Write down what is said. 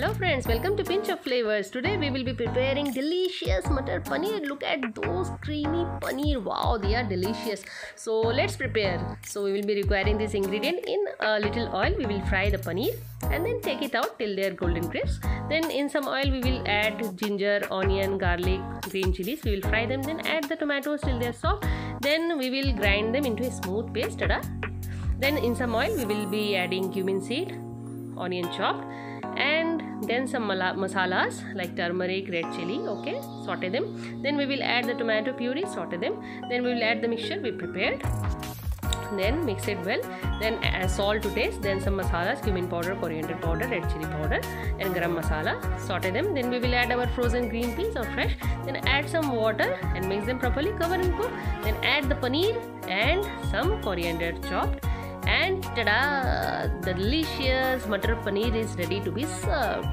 Hello friends, welcome to Pinch of Flavors. Today we will be preparing delicious mutter Paneer. Look at those creamy paneer. Wow, they are delicious. So let's prepare. So we will be requiring this ingredient in a little oil. We will fry the paneer and then take it out till they are golden crisp. Then in some oil we will add ginger, onion, garlic, green chilies. We will fry them then add the tomatoes till they are soft. Then we will grind them into a smooth paste. Tada. Then in some oil we will be adding cumin seed, onion chopped and then some masalas like turmeric red chili okay saute them then we will add the tomato puree saute them then we will add the mixture we prepared then mix it well then salt to taste then some masalas cumin powder coriander powder red chili powder and garam masala saute them then we will add our frozen green peas or fresh then add some water and mix them properly cover and cook then add the paneer and some coriander chopped and tada! The delicious Matar Paneer is ready to be served.